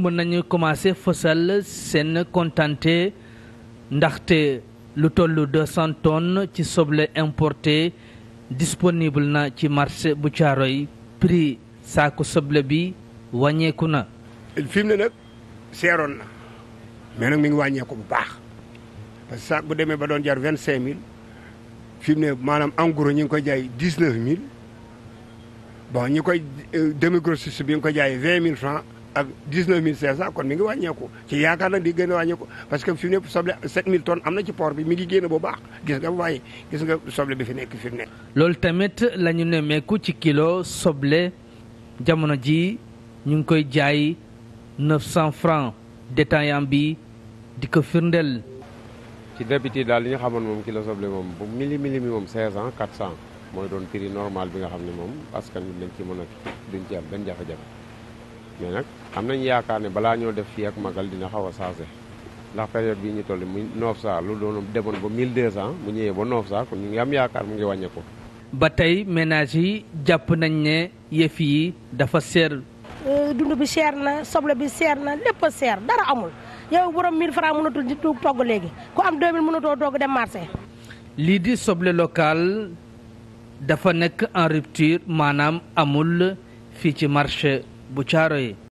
mën nañu commencé fësal seen kontante ndaxte lu toll deux cent tonnes ci soble importe disponible na ci marché bu Caaroy prix saaku soble bi wàññeeku na. fi mu ne nag seeroon na mais nag mi ngi wàññeeku bu baax parce que saak bu demee ba doon jar vingt cinq mille fi ne maanaam en ñu ngi koy jaay dix neuf mille bon ñu koy euh, demi grossiste bi ñu ngi koy jaay vingt mille francs ak dix neuf mille cinq kon mi ngi wàññeeku ci yaakaar nag di gën a wàññeeku parce que fi mu ne soble sept mille tonnes am na ci port bi mi ngi génn bu baax gis nga waaye gis nga soble bi fi nekk fi ne. loolu tamit la ñu nemmeeku ci kilo soble jamono ji ñu ngi koy jaay neuf cent francs détaillant bi di ko firndeel. ci d'habitude daal li ñu xamoon moom kilo soble moom bu mili mili mi moom seize cent quatre cent mooy doon prix normal bi nga xam ne moom askan wi dañ ci mën a duñ ci am benn jafe-jafe. mais nag am nañ yaakaar ne balaa ñoo def fii ak magal dina xaw a saase ndax période bii ñu toll mu 900 lu doon demoon ba 1200 mu ñëwee ba 900 kon ñu ngi am yaakaar mu ngi wàññeeku. ba tey ménage yi jàpp nañ ne yëf yi dafa seer. Euh, dund bi seer na soble bi seer na lépp seer dara amul yow borom 1000 francs mënatul di togg léegi ku am 2000 mënatoo togg dem marché. lii di soble local dafa nekk en rupture maanaam amul fii ci marché. bu yi